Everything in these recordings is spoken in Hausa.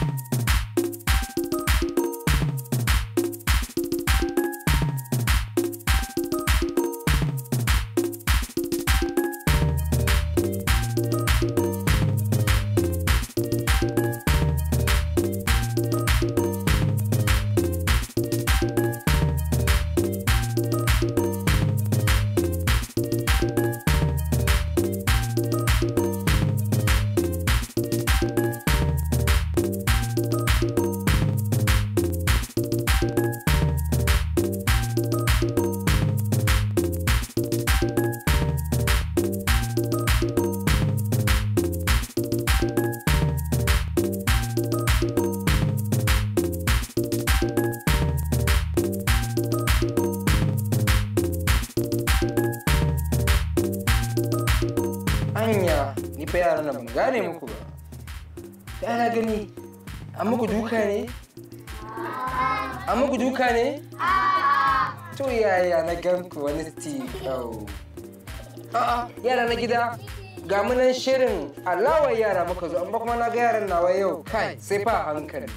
Thank you. An muku duka ne? An muku duka ne? To yaya na ganku wani tikau. A'a yara na gida ga munan shirin alawar yara muka zo amma kuma na ga yaran nawa yau kai sai fa hankali.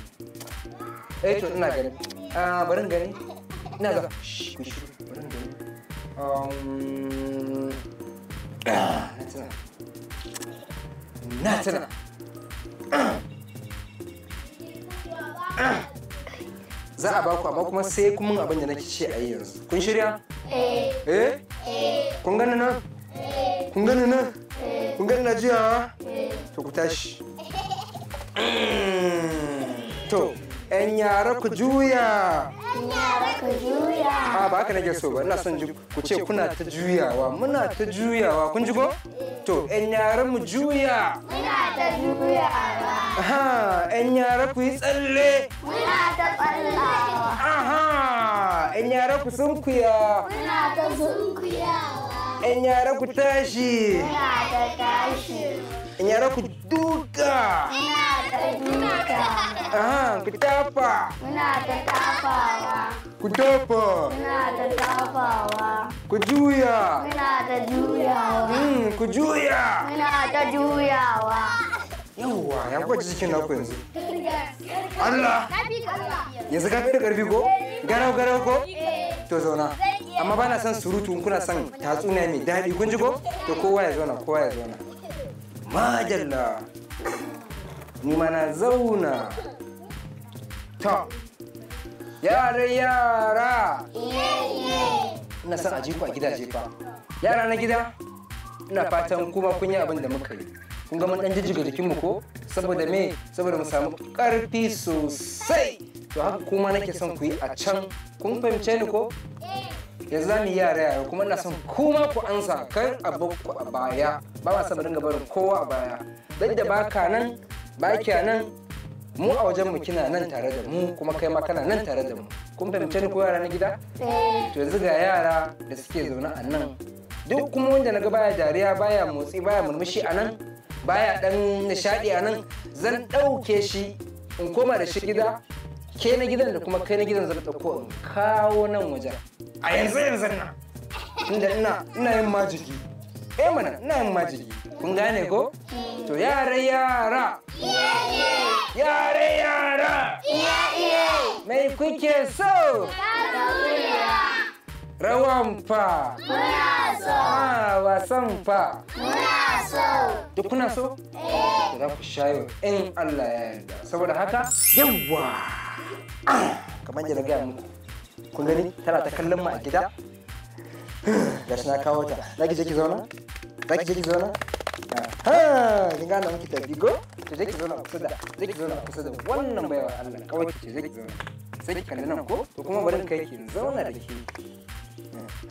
Eh to ina gani. Ah barin gani. Ina ga ku shi barin gani. Um ah, na tana. Na tana. Ah. za a baku amma kuma sai kun mun abin da nake ce a yi yanzu kun shirya eh eh kun gani nan kun gani nan kun gani na jiya to ku tashi to 'yan yara ku juya a ba ka nake so ba ina son ku ce kuna ta juyawa muna ta juyawa kun ji ko to yan yaran mu juya muna ta juyawa aha yan yara ku yi tsalle muna ta tsalle. aha yan yara ku sunkuya muna ta sunkuyawa yan yara ku tashi muna ta tashi in yara ku duka ina ta duka aha ku tafa muna ta tafawa ku tafa muna ta tafawa ku juya muna hmm, kujuya. juyawa juya muna ta juyawa yawwa ya kwaci cikin naku yanzu Allah yanzu ka fi da karfi ko garau garau ko to zauna amma bana son surutu kuna son tatsuniya mai daɗi kun ji ko to kowa ya zauna kowa ya zauna majalla Ni mana na zauna. ta Yaran yara. Ina son a gida gidaje Yara na gida. Ina fatan kuma kun yi abin da muka yi. Kun ga mun dan jijjiga jikinmu ko? Saboda me? Saboda mu samu ƙarfi sosai. To haka kuma nake son ku yi a can. Kun fahimce ni ko? ya zani yara yara kuma na san kuma ku ansa kan abu a baya ba ma sa dinga barin kowa a baya duk da baka nan ba nan mu a wajen mu kina nan tare da mu kuma kai ma kana nan tare da mu kun fahimce ni ko yara na gida eh. to yanzu ga yara da suke zaune a nan duk kuma wanda na ga baya dariya baya motsi baya murmushi a nan baya dan nishadi a nan zan dauke shi in koma da shi gida ke na gidan da kuma kai na gidan zan ko in kawo nan wajen a yanzu yanzu na inda ina ina yin majigi eh mana ina yin majigi kun gane ko to yare yara yare yara mai kuke so rawan fa muna so ah, wasan fa muna so duk kuna so eh za ku shayo in Allah ya yarda saboda haka yawwa kamar yadda gaya muku kun gani tana ta kallon mu a gida ga na kawo ta za ki je ki zauna za ki je ki zauna ha kin gane muke tafi go to je ki zauna kusa da je ki zauna kusa da wannan baiwa Allah kawai ki je ki zauna sai ki kalli nan ko to kuma bari kai ki zauna da ki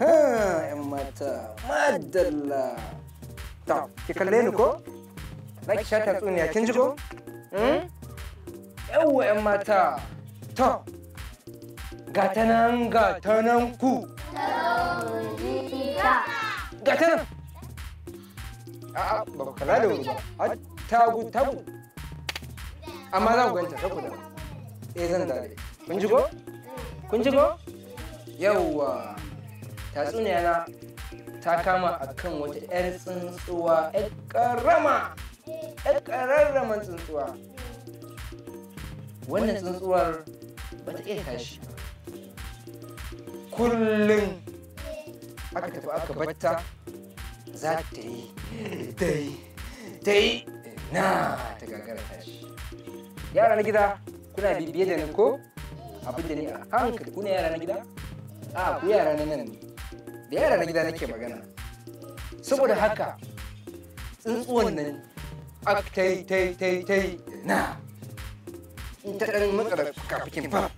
ha yan mata madalla ta ki kalle ni ko za ki sha tatsuniya kin ji ko hmm? yawwa yan mata To, gata nan gata nan ku. Gata nan. A'a, ba kala da wuri ba. Tagu, tagu. Amma za ku ganta, saboda. ku Eh zan dare. Kun ji ko? Kun ji ko? Yawwa. tatsuniyana na ta kama akan wata 'yar tsuntsuwa 'yar karama. 'yar kararraman tsuntsuwa. Wannan tsuntsuwar ba kullum aka tafi aka batta za yi na ta yara na gida kuna bibiye da ni ko abin da ni a hankali kuna yara na gida a ku yara na nan yara na gida nake magana saboda haka tsuntsuwan nan na in ta ɗan matsala kafikin sai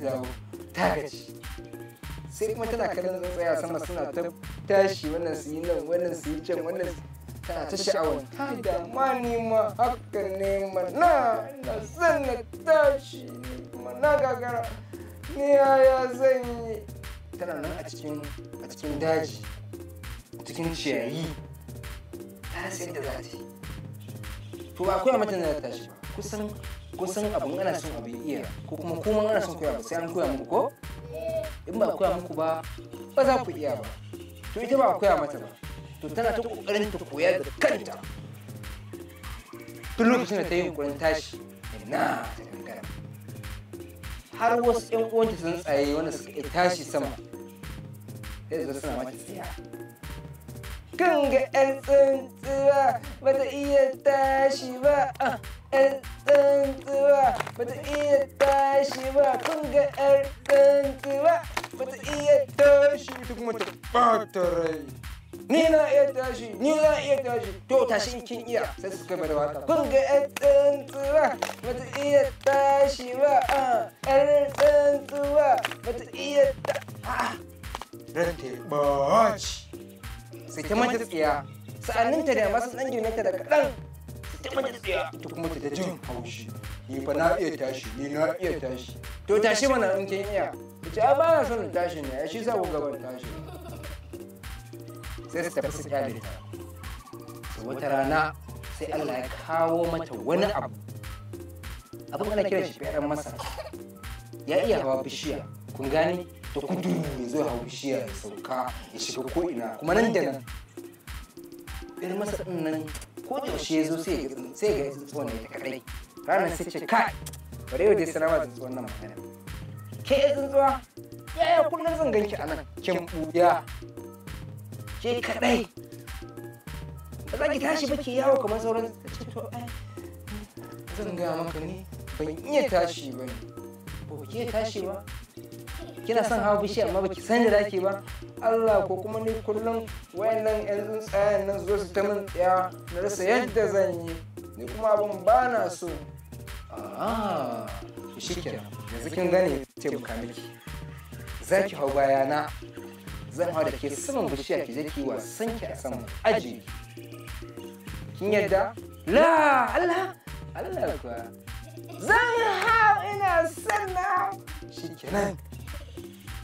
dawo ta gaji sai kuma tana kallon tsaya sama suna ta tashi wannan su yi nan wannan su yi wannan ta sha'awar ta ma ma haka ne ma na tashi ma na gagara ni yaya zan yi tana nan da to da tashi ba kusan kusan ana son abin iya ko kuma kuma ana son koya ba sai an koya muku ko in ba koya muku ba ba za ku iya ba to ita ba koya mata ba to tana ta kokarin ta koya da kanta tun lokacin da ta yi kokarin tashi na ta gangara har wasu yan uwanta sun tsaye wanda suka tashi sama sai su suna mata tsaya kan ga 'yan tsintsiya ba ta iya tashi ba 'yar tsantuwa ba ta iya tashi ba kun ga 'yar tsantuwa ba ta iya tashi ta kuma ta ɓata rai ni na iya tashi ni na iya tashi to tashi in kin iya sai suka bar waka kun ga 'yar tsantuwa ba ta iya tashi ba a 'yar tsantuwa ba ta iya ta rante ba sai ta mata tsiya sa'anninta da masu ɗan junanta da kaɗan ta jin haushi ni fa na iya tashi ni na iya tashi to tashi mana in kin iya ce a bana son tashi ne shi sa ku gaban tashi sai ta tafi su kyale ta wata rana sai Allah ya kawo mata wani abu abin ana kiran shi fiyar masa ya iya hawa bishiya kun gane ta kudu ya zo hawa bishiya ya sauka ya shiga ko'ina kuma nan da nan irin masa din nan ko da ya zo sai ya sai ga tsuntsuwan ne ta kadai ranar sai ce kai bare yau dai sanarwa tsuntsuwan nan magana ke tsuntsuwa yaya kullum zan ganki a nan kin buya ke kadai ba za ki tashi ba ke yawo kamar sauran to zan gaya maka ne ban iya tashi ba ne ba ke tashi ba kina son hawa bishiya amma baki san da zaki ba Allah ko kuma ni kullum wayannan yan tsayan nan zo su ta min tsaya na rasa yadda zan yi ni kuma abin ba na so ah shikenan yanzu kin gane ce buka miki zaki hau na? zan hau da ke saman bishiya ki je ki wasan ki a saman aji kin yadda la Allah Allah Za zan hau ina son na shikenan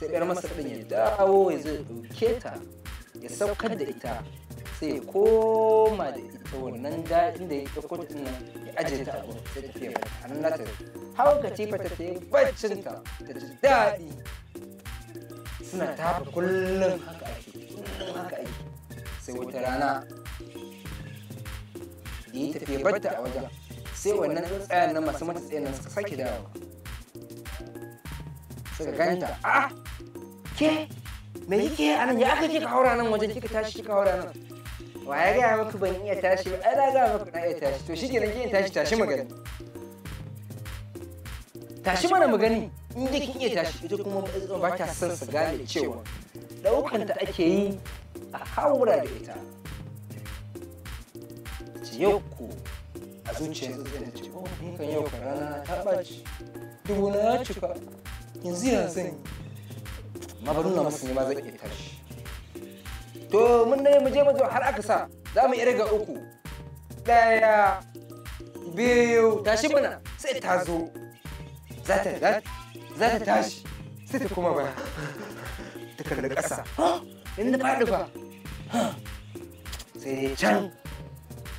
sai ɗan masa ɗin ya dawo ya zo ɗauke ta ya saukar da ita sai ya koma da ita wannan daɗin da ya ɗauko ta nan ya ajiye ta abu sai ta fiye a nan nata hau katifa ta yi baccin ta ta ji daɗi suna tafa kullum haka ake kullum haka ake sai wata rana da ya tafiye barta a wajen sai wannan tsayan na masu mata tsayan suka sake dawowa suka ganta a ah! ke me yake a nan ya aka kika haura nan wajen kika tashi kika haura nan wa ya gaya maka ban iya tashi ba ana gaya maka na iya tashi to shi kenan kin tashi tashi magani tashi mana magani in da kin iya tashi ita kuma ba ta son su gane cewa daukanta ake yi a haura da ita yau ko a zuciyar zuciyar ce ko oh, kan yau ka rana ta ɓaci dubu na cika yanzu yanzu ma ba nuna masu nema zai iya tashi to mun ne mu je mu har aka sa za mu iya ga uku ɗaya biyu tashi mana sai ta zo za ta za ta tashi sai ta koma baya ta kalli ƙasa in na faɗi ba sai can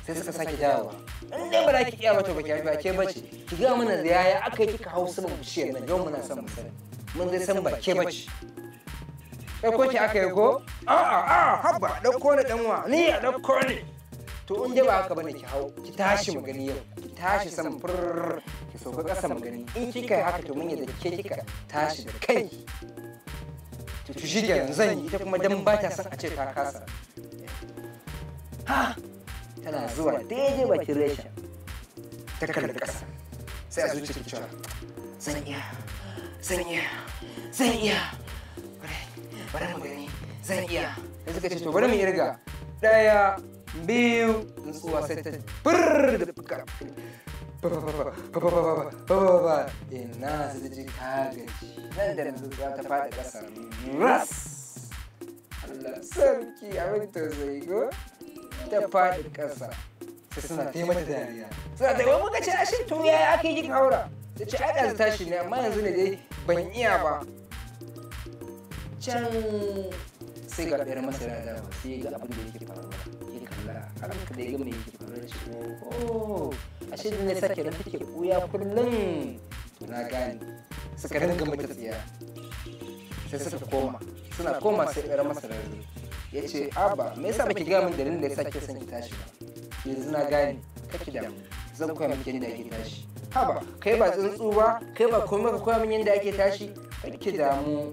sai suka sake dawowa in dai ba za ki iya mata ba ba ke bace ki ga mana da yaya aka yi kika hau saman shi nan don muna son mu sani mun dai san ba ke bace ɗauko ki aka yi ko a'a a'a habba ɗauko ni dan wa ni a ɗauko ni to in dai ba haka bane ki hau ki tashi mu gani yau ki tashi sama furr ki sauka ƙasa mu gani in kika yi haka to mun yadda ke kika tashi da kai to shi zan yi ita kuma dan ba ta san a ce ta kasa ha tana zuwa daidai bakin ta kalli ƙasa sai a zuciya cewa zan iya zan iya zan iya mu gani zan iya da suka ce to bari mu yi riga ɗaya biyu tsuwa sai ta fur da fuka ba su ji ka gaji nan da yanzu ba ta faɗi ƙasa ras Allah sarki abin tausayi ko da faɗi ƙasa sai suna taimata yariya suna taimata muka ce ashe to yaya ake yi aura da ce a ɗazu tashi ne amma yanzu ne dai ban iya ba can sai ga ɗayar masana da sai ga abin da yake faruwa ya kalla a ranka da ya gama yake faruwa shi ko oh, ashe da ne sake ran take ɓuya kullum to na gane suka dinga mata tsiya sai suka koma suna koma sai ɗayar masana da ya ce abba me yasa baki gaya min dalilin da yasa ke son ki tashi ba yanzu na gane kake da zan koya miki yadda ake tashi haba kai ba tsuntsu ba kai ba komai ka koya min yadda ake tashi kake damu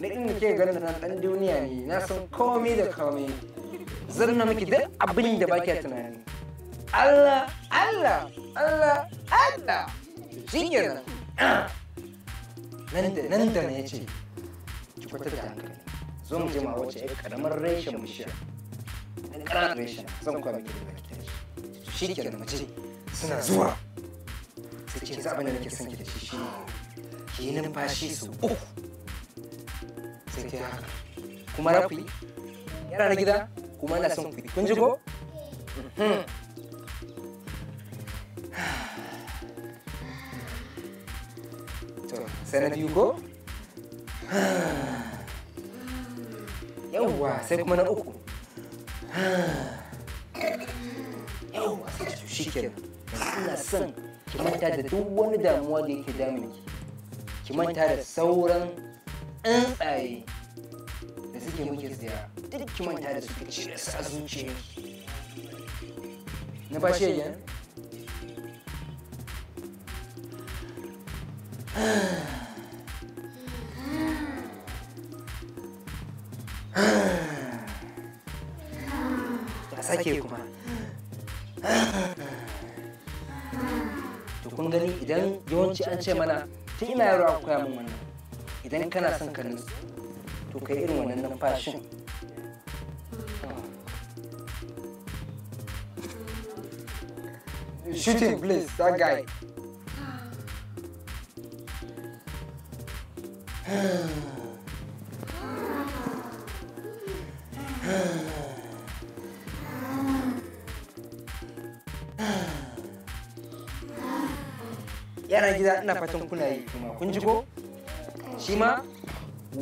na inda ke ganin nan dan duniya ne na san komai da komai zan na miki duk abin da baki tunani Allah Allah Allah Allah shi nan da nan da ne ya ce ki kwatar da hankali zo mu je ma wace ya karamar reshen bishiya shi ƙarar reshen zan kwa miki da baki tashi shi ke da mace suna zuwa sai ce za a bane nake son ki da shi shi ne ki yi numfashi su uku sai ta haka kuma na ku yana na gida kuma na son ku kun ji ko uhm. sai na biyu ko yawwa sai kuma na uku yawwa shi ke ina son ki manta da duk wani damuwa da yake damun ki ki manta da sauran tsuntsaye da suke muke ziyara duk ki manta da suke cire sa a na ba shi ya sake kuma to kun gani idan yawanci an ce mana tun ina yaro an koya min wannan idan kana son ka nutsu to kai irin wannan numfashin ah. shooting please that guy yara gida ina fatan kuna yi kuma kun ji ko shi ma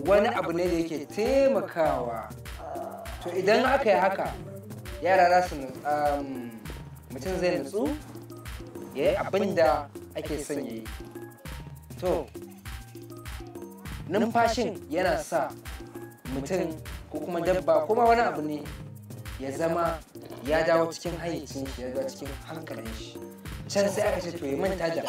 wani abu ne da yake taimakawa to idan aka yi haka yara za su um, mutum zai nutsu ya yi abin da ake son yi to numfashin yana sa mutum ko kuma dabba ko ma wani abu ne ya zama ya dawo cikin hayyacin shi ya zama cikin hankalin shi can sai aka ce to ya manta da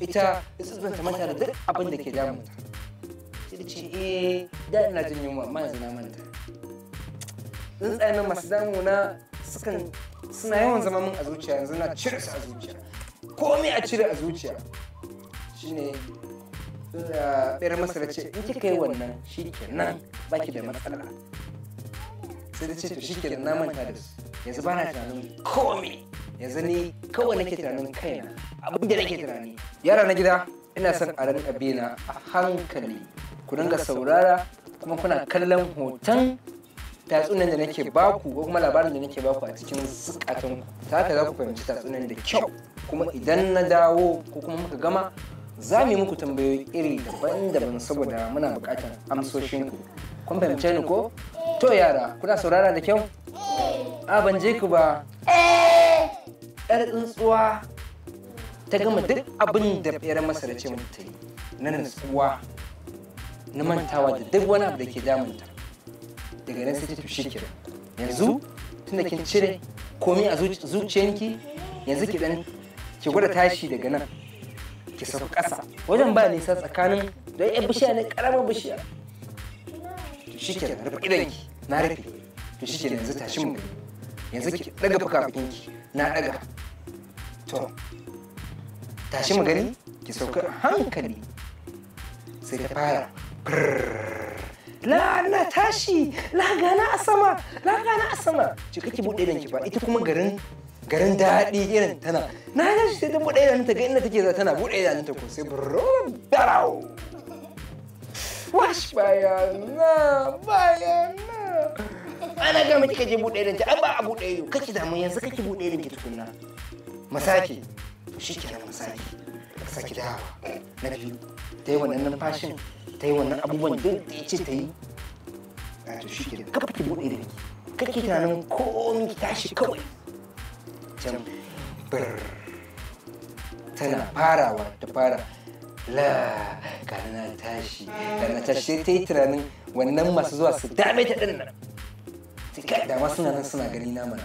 ita tsitsin ta manta da duk abin da ke damu ta sai ce eh da ina jin yunwa ma yanzu na manta tsuntsayen masu na sukan suna yawan zama min a zuciya yanzu na cire su a zuciya komai a cire a zuciya shine ɗayar da ce in kika yi wannan shi kenan baki da matsala sai da ce to shi kenan na manta da su yanzu ba na tunanin komai yanzu ni kawai nake tunanin kaina abin da nake tunani yara na gida ina son a rinka bena a hankali ku dinga saurara kuma kuna kallon hoton tatsunan da nake baku ko kuma labarin da nake baku a cikin zukatan ta haka za ku fahimci tatsunan da kyau kuma idan na dawo ko kuma muka gama za mu yi muku tambayoyi iri daban-daban saboda muna buƙatar ku kun fahimce ni ko to yara kuna saurara da kyau a ban je ku ba eh 'yar tsuwa ta gama duk abin da ɓeran da ce race ta yi na nutsuwa na mantawa da duk wani abu da ke damunta daga nan sai ta tushe kira yanzu tunda kin cire komai a zuciyanki yanzu ki dan ki gwada tashi daga nan ki sauka ƙasa wajen ba nisa tsakanin da ya bishiya ne karamar bishiya to shikenan rufe idanki na rufe to shikenan yanzu tashi mu yanzu ki daga fuka ki na daga to tashi mu gani ki sauka hankali sai ta fara la na tashi la gana a sama la gana a sama ki kake bude danki ba ita kuma garin garin daɗi irin tana na ga sai ta bude idanun ta ga inda take za tana bude idanun ta ko sai bro darau wash bayana bayana ana ga miki kaje bude idan an ba a bude ido kake damu yanzu kake bude idan tukunna masaki shikenan masaki saki da na biyu ta yi wannan numfashin ta yi wannan abubuwan duk da ya ce ta yi a ah, to shikenan ka kafa bude kake tunanin komai ki tashi kawai can bir tana farawa ta fara la kana tashi kana tashi sai ta yi tunanin wannan masu zuwa su dame ta din nan da ma suna nan suna gani na mana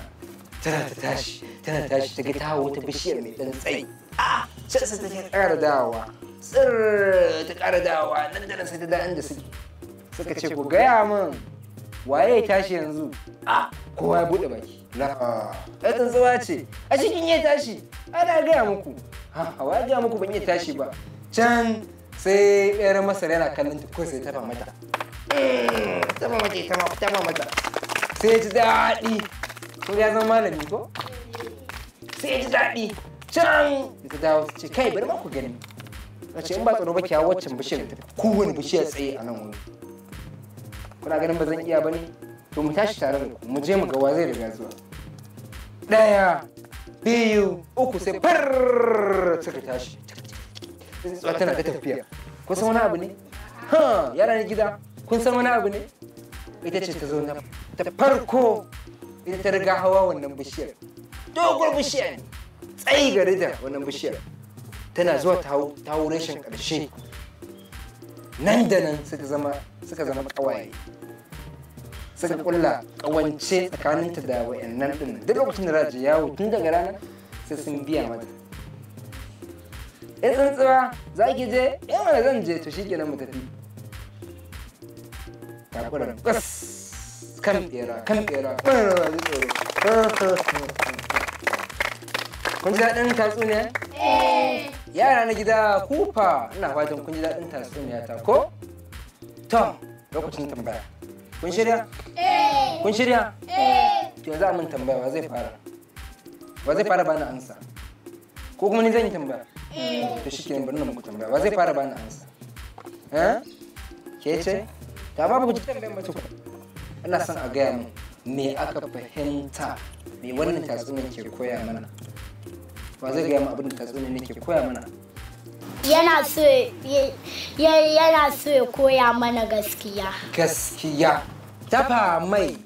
tana ta tashi tana tashi ta ga ta wata bishiyar mai dan tsayi a ah, sai sai ta ƙara dawowa tsir ta ƙara dawowa nan da nan sai ta da inda suke suka ce ku gaya min waye ya tashi yanzu a ah, kowa ya buɗe baki na ya tsuntsuwa ce a cikin ya tashi ana gaya muku ha wa gaya muku ban iya tashi ba can sai ɗayar masara yana kallon ta kawai sai ta eh, mata ta mata ta mata sai ya ji daɗi kun ya zama malami ko sai ya ji daɗi can ta dawo ta ce kai bari ma ku gani na ce in ba tsaro ba ki hawo waccan bishiyar ta wani bishiyar tsaye a nan wuri kuna ganin ba zan iya ba ne to mu tashi tare da ku mu je mu ga wa zai riga zuwa ɗaya biyu uku sai far suka tashi tsuwa tana ta tafiya kun san wani abu ne ha yara ne gida kun san wani abu ne ita ce ta zo na Ta farko ita riga hawa wannan bishiyar dogon bishiyar tsayi gari da wannan bishiyar tana zuwa ta hau rashin ƙarshe nan da nan suka zama ƙawaye suka kulla ƙawance tsakaninta da wayannan ɗin duk lokacin da raji yawo tun daga rana sai sun biya mata in tsuntsuwa za ki je in eh wani zan je to shi kenan mu tafi kakuran ƙas kan bera kan bera kun ji daɗin tatsuniya? Eh. yara na gida kufa ina fatan kun ji daɗin tatsuniya ta ko? tom lokacin tambaya kun shirya? Eh. kun shirya? Eh. to za mun tambaya wa zai fara wa zai fara bani ansa ko kuma ni zan yi tambaya to shi ke bari na muku tambaya wa zai fara bani ansa ke ce ta ba ku ji tambayar mace ina son a gaya mu me aka fahimta me wannan tatsuniyar ke koya mana ba zai gaya mu abin da tatsuniyar ne ke koya mana yana so yana so ya koya mana gaskiya gaskiya dafa mai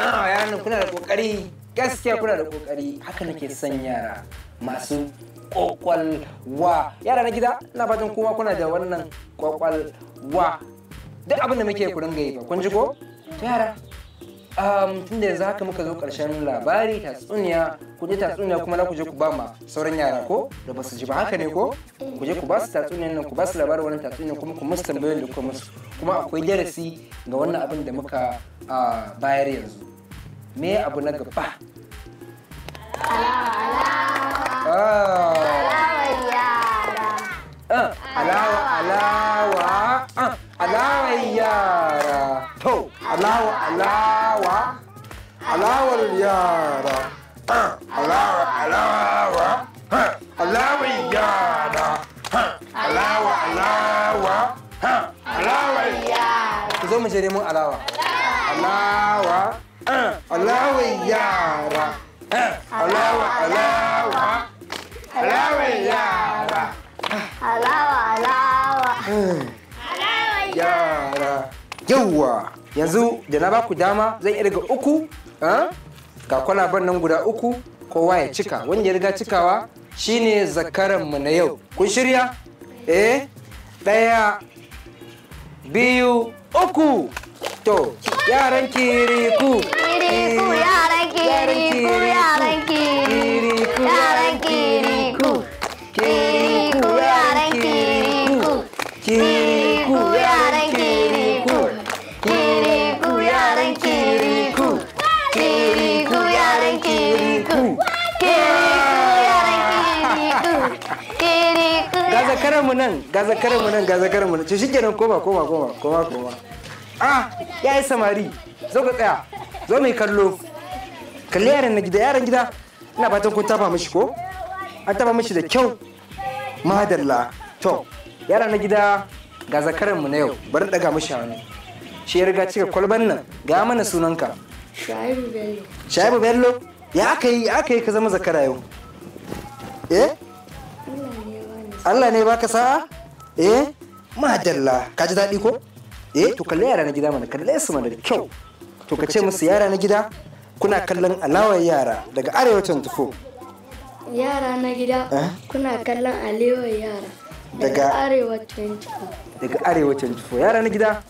ah yana kuna da kokari gaskiya kuna da kokari haka nake son yara masu kwakwalwa yara na gida ina fatan kuma kuna da wannan kwakwalwa duk abin da muke ku dinga yi ba kun ji ko yara um, da yanzu haka muka zo karshen labari tatsuniya ku je tatsuniya kuma na ku je ku ba ma sauran yara ko da ba su ji ba haka ne ko ku je ku ba su tatsuniyan nan ku ba su labarin wannan tatsuniyan kuma ku musu tambayoyin da kuka musu kuma akwai darasi ga wannan abin da muka bayar yanzu me abu na gaba ah. Ah, alawa alawa alawa ah. علاوة يارا تو علاوة علاوة علاوة اليارا علاوة علاوة علاوة يارا علاوة علاوة علاوة يارا زوم جريمو علاوة علاوة علاوة يارا علاوة علاوة علاوة يارا علاوة علاوة Yauwa, yanzu da na baku dama zan iya daga uku ah? ga kwalaban nan guda uku kowa ya cika wanda ya riga cikawa shine zakaranmu na yau kun shirya eh ɗaya biyu uku to yaran kiriku kiriku yaran kiriku yaran kiriku yaran kiriku kiriku yaran kiriku kiriku zakaran mu nan ga zakaran mu nan ga zakaran mu nan to shikenan koma koma koma koma koma ah yayi samari zo ka tsaya zo mai kallo kalli yaran na gida yaran gida ina fatan kun tafa mishi ko an tafa mishi da kyau madalla to yaran na gida ga zakaran mu na yau bari daga mishi hannu shi ya riga cika kwalban nan ga mana sunanka shaibu bello shaibu bello ya aka yi aka yi ka zama zakara yau eh Allah ne baka sa'a eh, eh? majalla, ka ji daɗi ko eh to kalli yara na gida mana kalle su mana da kyau to ka ce musu yara na gida kuna kallon alawar yara daga arewacin tufo yara na gida eh? kuna kallon alewar yara daga arewacin tufo daga arewacin tufo yara na gida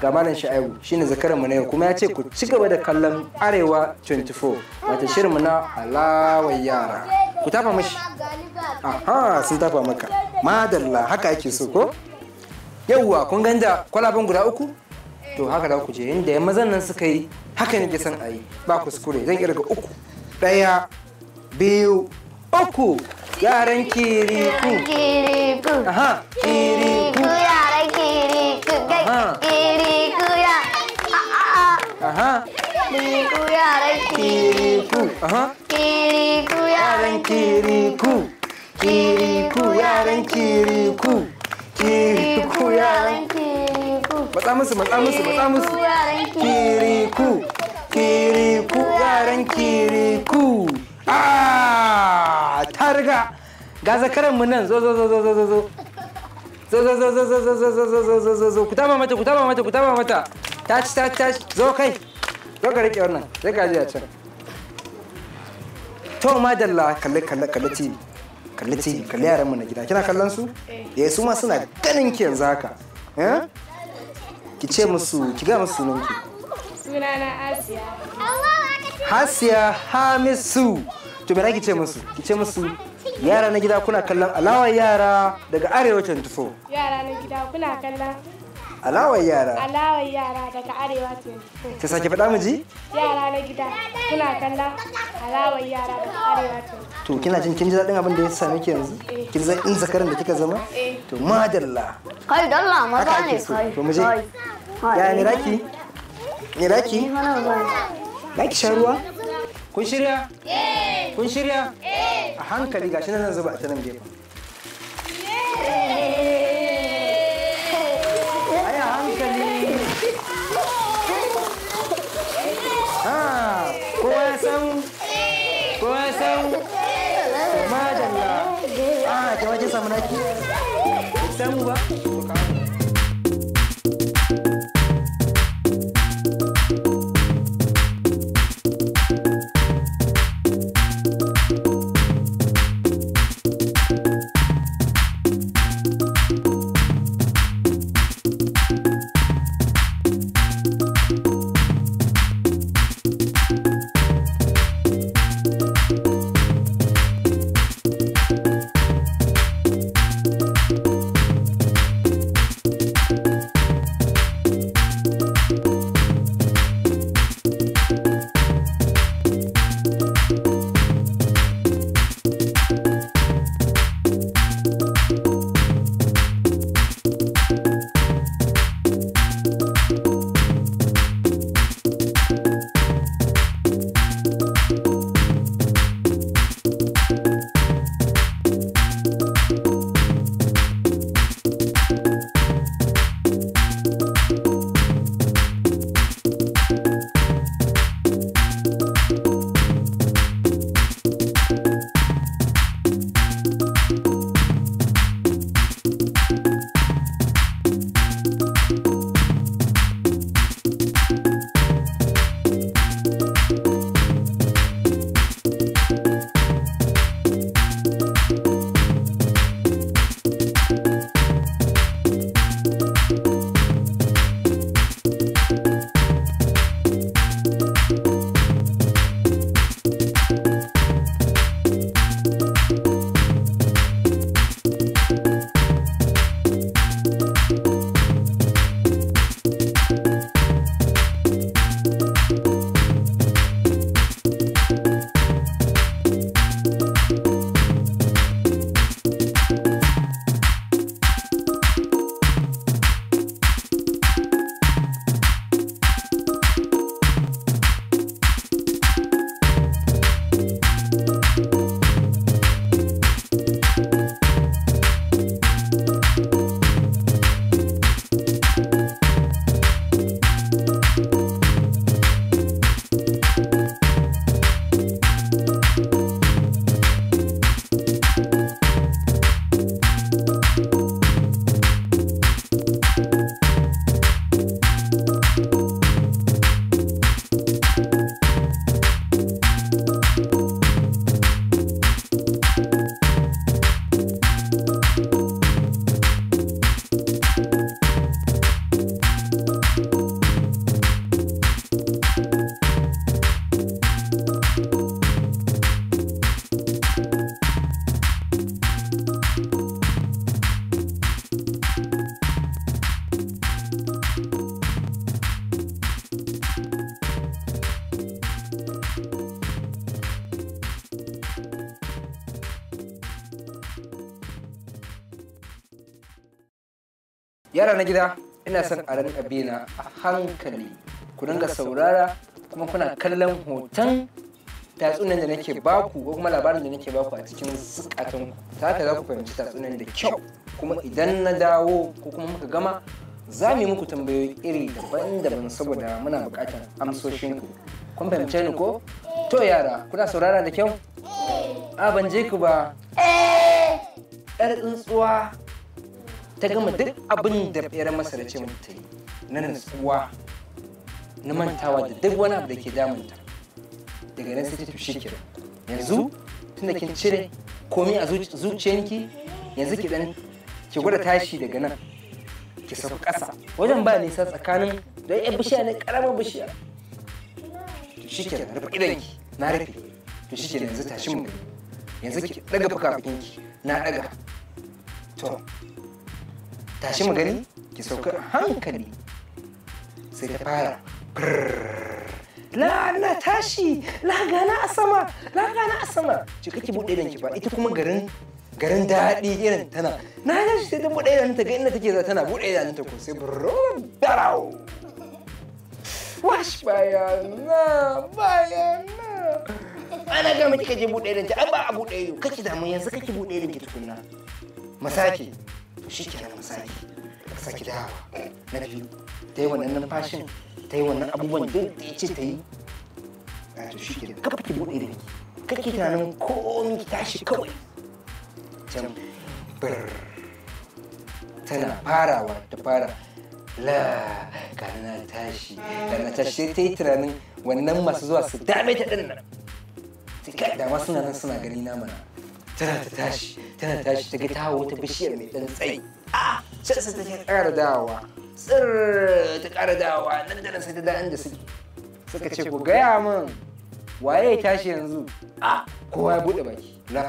ga malam sha'ibu shine zakaran mu na yau kuma ya ce ku ci gaba da kallon arewa 24 wata shirin mu na alawar yara ku tafa mashi aha sun tafa maka madalla haka ake so ko yauwa kun ganda kwalaben guda uku to haka da ku je inda ya mazan nan suka yi haka ne san a yi ba kuskure zan kirga uku ɗaya biyu uku yaran kiriku aha kiriku yaran Tiriku Aha. Diriku yaran kiriku. Aha. Kiriku yaran kiriku. Kiriku yaran kiriku. Kiriku yaran kiriku. Matsa musu, matsa musu, matsa musu. Kiriku. Kiriku yaran kiriku. Ah, ta riga. Ga zakaran mu nan zo zo zo zo zo. so, so, so, so, so, so, so, so, so, so, so, so, so, so, mata so, so, mata so, so, mata so, so, so, zo kai zo so, so, wannan sai so, so, a so, so, so, so, so, so, so, kalle tv kalle yaran mu na gida kina kallon su eh su ma suna ganin ki yanzu haka eh ki ce musu ki ga musu sunan ki sunana Asiya Hasiya Hamisu to me ki ce musu ki ce musu Yara na gida kuna kallon alawar yara daga Arewa tufo. Yara na gida kuna kallon Alawar yara. Alawar yara daga Arewa tufo. Ta sake faɗa miji? Yara na gida kuna kallon alawar yara daga Arewa tufo. To kina jin kin ji daɗin abin da ya same ki yanzu? Eh. Kin san in zakaran da kika zama? Eh. To madalla. Kai dalla maza ne kai. To mu je. Ya ni raki? Ni raki? Raki sha ruwa? kun shirya kun shirya a hankali gashi nan zuba ta nan gefen ai a hankali ha kowa ya san kowa ya san majalla Ah, ta waje samu naki san ba yara na gida ina son a rinka a hankali ku dinga saurara kuma kuna kallon hoton tatsunan da nake baku ko kuma labarin da nake baku a cikin sukatun ta haka za ku fahimci tatsunan da kyau kuma idan na dawo ko kuma muka gama za mu yi muku tambayoyi iri daban-daban saboda muna buƙatar ku. kun fahimce ni ko to yara kuna saurara da kyau a ban je ku ba eh. yar tsuntsuwa ta gama duk abin da ya rama ce mata ta na natsuwa na mantawa da duk wani abu da ke damunta daga nan sai ta tushe kira yanzu tunda kin cire komai a zuciyanki yanzu ki dan ki gwada tashi daga nan ki sauka ƙasa wajen ba nisa tsakanin da ya bishiya ne karamar bishiya to shi ke rufe idanki na rufe to shi ke yanzu tashi mu yanzu ki daga fukafukinki na daga to tashi mu gani ki sauka hankali sai ta fara la na tashi la gana a sama la gana a sama ki kake bude danki ba ita kuma garin garin daɗi irin tana na ga sai ta bude idan ta ga inda take za tana bude idan ta ko sai bro darau wash bayana bayana ana ga miki kaje bude idan ta ba a bude ido kake damu yanzu kake bude idan ki tukunna masaki shi kenan mu sake saki hawa na biyu ta yi wannan numfashin ta yi wannan abubuwan duk da ya ce ta yi a ah, to shi kenan kafa ki buɗe da ni kake tunanin mun ki tashi kawai can bir tana farawa ta fara la kana tashi kana tashi sai ta yi tunanin wannan masu zuwa su dame ta ɗin nan sai ka dama suna nan suna gani na mana tana ta tashi tana tashi ta ga ta wata bishiyar mai dan tsayi a ah, sai ta ƙara dawowa tsir ta ƙara dawowa nan da nan sai ta da suke suka ce ku gaya min waye ya tashi yanzu a ah, kowa ya buɗe baki na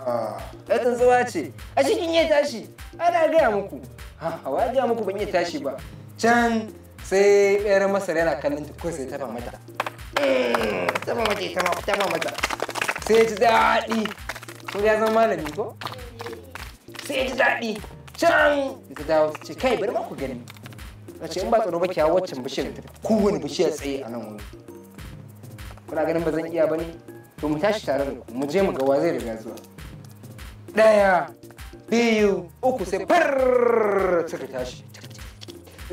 ta tsuntsuwa ce a cikin ya tashi ana gaya muku A wa gaya muku ban iya tashi ba can sai ɓeran masar yana kallon ta kawai sai ta eh, mata ta mata ta mata sai ta daɗi kun ya zama malami ko sai ya ji daɗi can ta dawo ta ce kai bari ma ku gani na ce in ba tsaro ba kyawu waccan bishiyar ta kowane bishiyar tsaye a nan wuri kuna ganin ba zan iya ba ne to mu tashi tare da ku mu je mu ga wa zai riga zuwa ɗaya biyu uku sai far suka tashi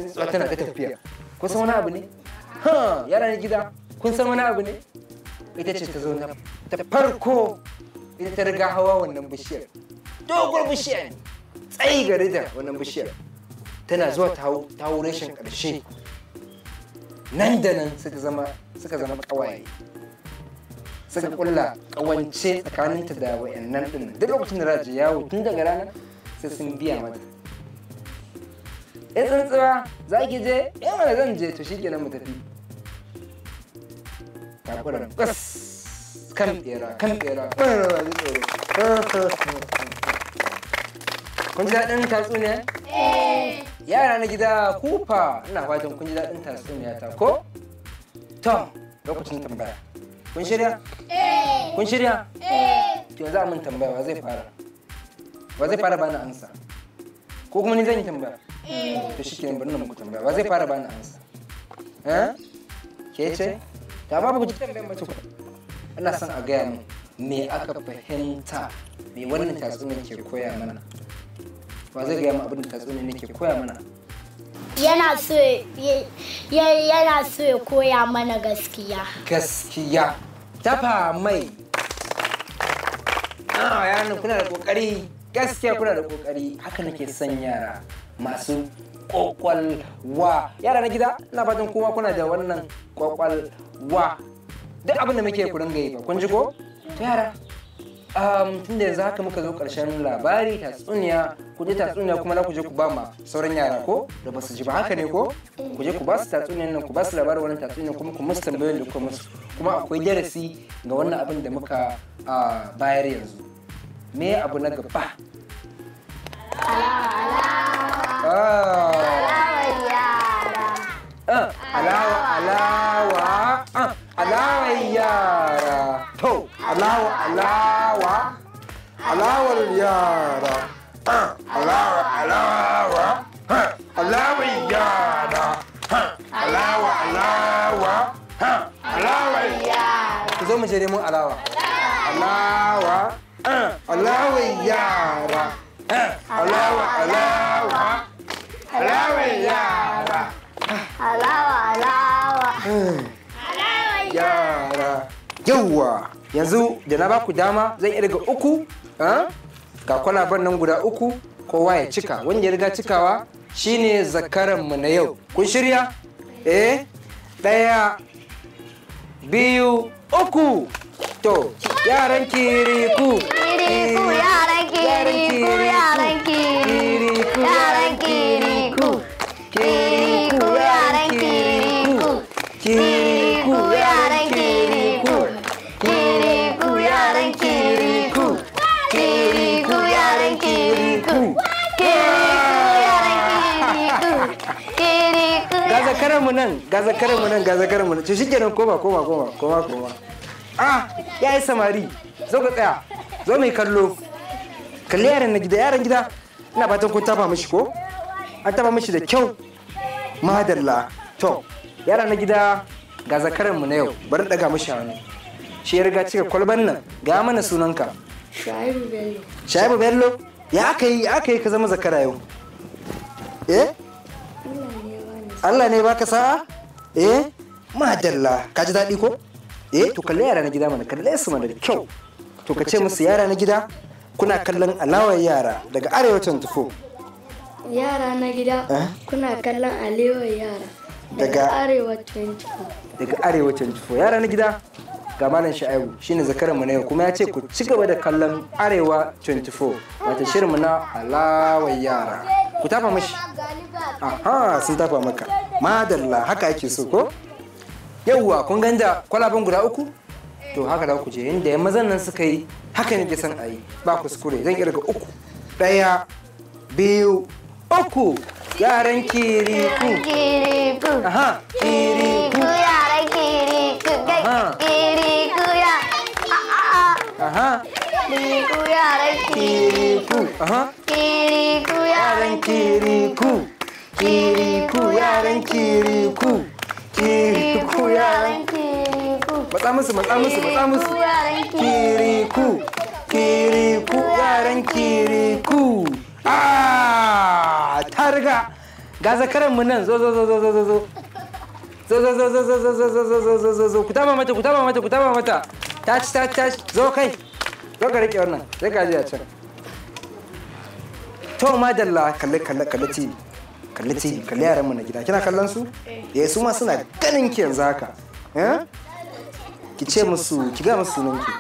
tsuwa tana ta tafiya kun san wani abu ne ha yara ne gida kun san wani abu ne ita ce ta zo na ta farko ita ta riga hawa wannan bishiyar dogon bishiyar tsayi gari da wannan bishiyar tana zuwa ta hau rashin ƙarshe nan da nan suka zama ƙawaye suka kulla ƙawance tsakaninta da wayannan ɗin duk lokacin da raji yawo tun daga rana sai sun biya mata in tsuntsuwa za ki je in eh wani zan je to shi ke nan mu tafi takurar ƙas kan bera kan bera kun ji daɗin tatsuniya? Eh. yara na gida kufa ina fatan kun ji daɗin tatsuniya ta ko? tom lokacin tambaya kun shirya? Eh. kun shirya? Eh. to za mun tambaya wa zai fara wa zai fara bani ansa ko kuma ni zan yi tambaya to shi kenan bari na muku tambaya wa zai fara bani ansa ke ce ta ba ku ji tambayar mace ku ina son a gaya min me aka fahimta me wannan tatsuniyar ke koya mana ba zai gaya mun abin da tatsuniyar ne ke koya mana yana so ya koya mana gaskiya gaskiya dafa mai ya ah, yana kuna da kokari gaskiya kuna da kokari haka nake son yara masu kwakwalwa yara na gida ina fatan kuma kuna da wannan kwakwalwa duk abin da muke ku dinga yi ba kun ji ko yara um, tunda yanzu haka muka zo karshen labari tatsuniya ku je tatsuniya kuma na ku je ku ba ma sauran yara ko da ba su ji ba haka ne ko ku je ku ba su tatsuniyan nan ku ba su labarin wannan tatsuniyan kuma ku musu tambayoyin da musu kuma akwai darasi ga wannan abin da muka bayar yanzu me abu na gaba Alawa, alawa, alawa, حلاوة حلاوة حلاوة يارا تو حلاوة حلاوة حلاوة اليارا حلاوة حلاوة حلاوة يارا حلاوة حلاوة حلاوة يارا زوم جريمو حلاوة حلاوة حلاوة يارا حلاوة حلاوة حلاوة يارا alawa alawa alawa hmm. yara yawwa yanzu da na dama zan iya daga uku ga kwalaban nan guda uku kowa ya cika wanda ya riga cikawa shine zakaranmu na yau kun shirya eh ɗaya biyu uku to yaran kiriku kiriku yaran kiriku yaran kiriku yaran kiriku kiriku Kiriku yaran kiriku Kiriku yaran kiriku Kiriku yaran kiriku Gaza zakaran mu nan, gaza zakaran mu nan, gaza zakaran mu nan. To shikenan koma koma koma koma koma. Ah, yayi samari. Zo ka tsaya. Zo mai kallo. Kalli yaran na gida, yaran gida. Ina fatan kun taba mishi ko? An taba mishi da kyau. Madalla. To, yara na gida ga zakaran mu na yau bari daga mashi hannu shi ya riga cika kwalban nan ga mana sunanka shaibu bello shaibu bello ya aka yi aka yi ka zama zakara yau eh Allah ne baka sa'a eh madalla ka ji daɗi ko eh to kalli yara na gida mana kalle su mana da kyau to ka ce musu yara na gida kuna kallon alawar yara daga arewacin tufo yara na gida eh? kuna kallon alewar yara daga arewa 24 daga arewa yara na gida ga malam sha'ibu shine zakaran mu na yau kuma ya ce ku ci gaba da kallon arewa 24 wata shirin mu na alawar yara ku tafa mashi aha sun tafa maka madalla haka ake so ko yauwa kun ganda kwalaban guda uku to haka da ku je inda ya mazan nan suka yi haka ne san a yi ba kuskure zan kirga uku ɗaya biyu uku Yaran kiriku. Kiriku. Aha. Kiriku. Yaran kiriku. Aha. Kiriku ya. Aha. Kiriku yaran kiriku. Aha. Kiriku yaran kiriku. Kiriku yaran kiriku. Kiriku yaran kiriku. Matsa musu, matsa musu, matsa musu. Kiriku. Kiriku yaran kiriku. Ah! riga ga zakaran mu nan zo zo zo zo zo zo zo zo zo zo zo zo zo zo zo zo zo zo zo mata mata mata taci taci taci zo kai zo ka rike wannan sai ka je a can to madalla kalle kalle kalle kalle kalle yaran mu na gida kina kallon su eh su ma suna ganin ki yanzu haka ki ce musu ki ga musu sunan ki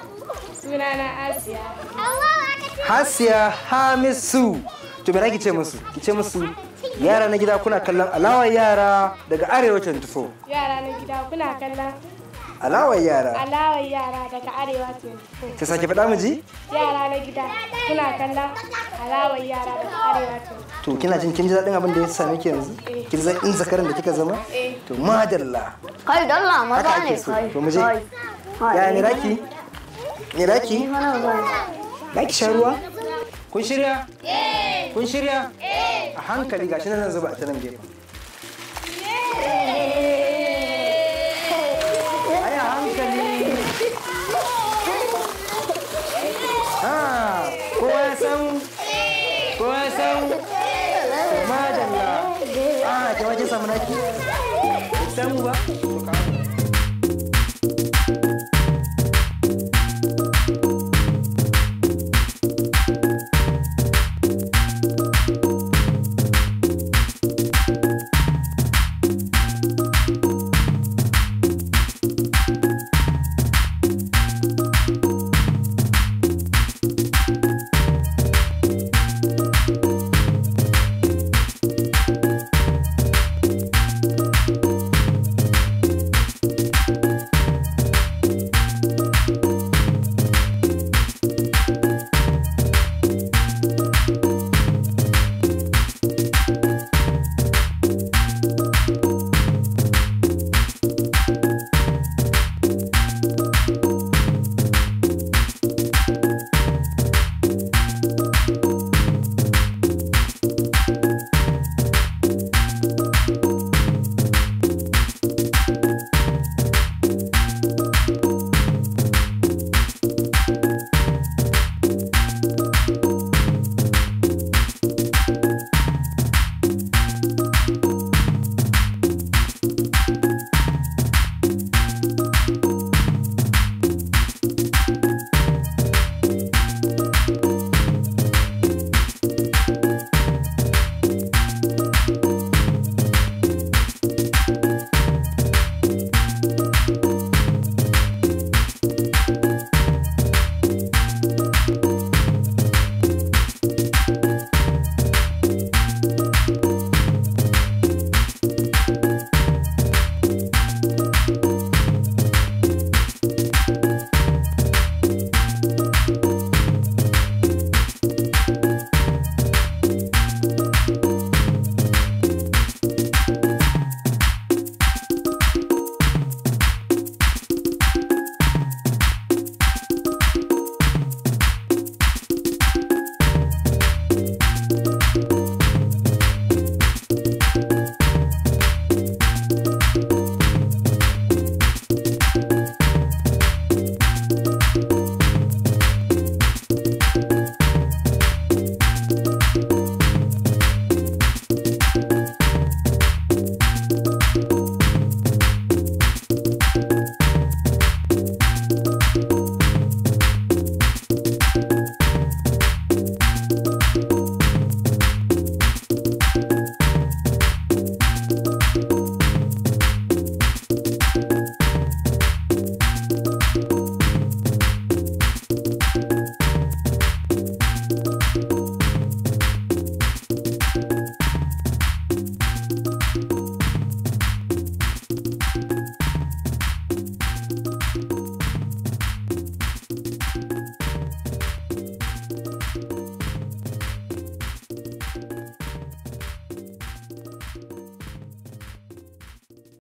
sunana asiya Hasiya Hamisu. to me ki ce musu ki ce musu yara na gida kuna kallon alawar yara daga arewa 24 yara na gida kuna kallon alawar yara alawar yara daga arewa 24 Ta sake faɗa miji yara na gida kuna kallon alawar yara daga arewa 24 to kina jin kin ji daɗin abin da ya same ki yanzu eh. kin san in zakaran da kika zama eh. to madalla kai dalla maza ne kai to muje ya ni raki ni raki raki sharuwa kun shirya? Eh! kun shirya? Eh! a hankali gashi nan zuba ta nan gefen ai a hankali ha kowa ya san kowa ya san madalla a jama'a kin samu naki Samu ba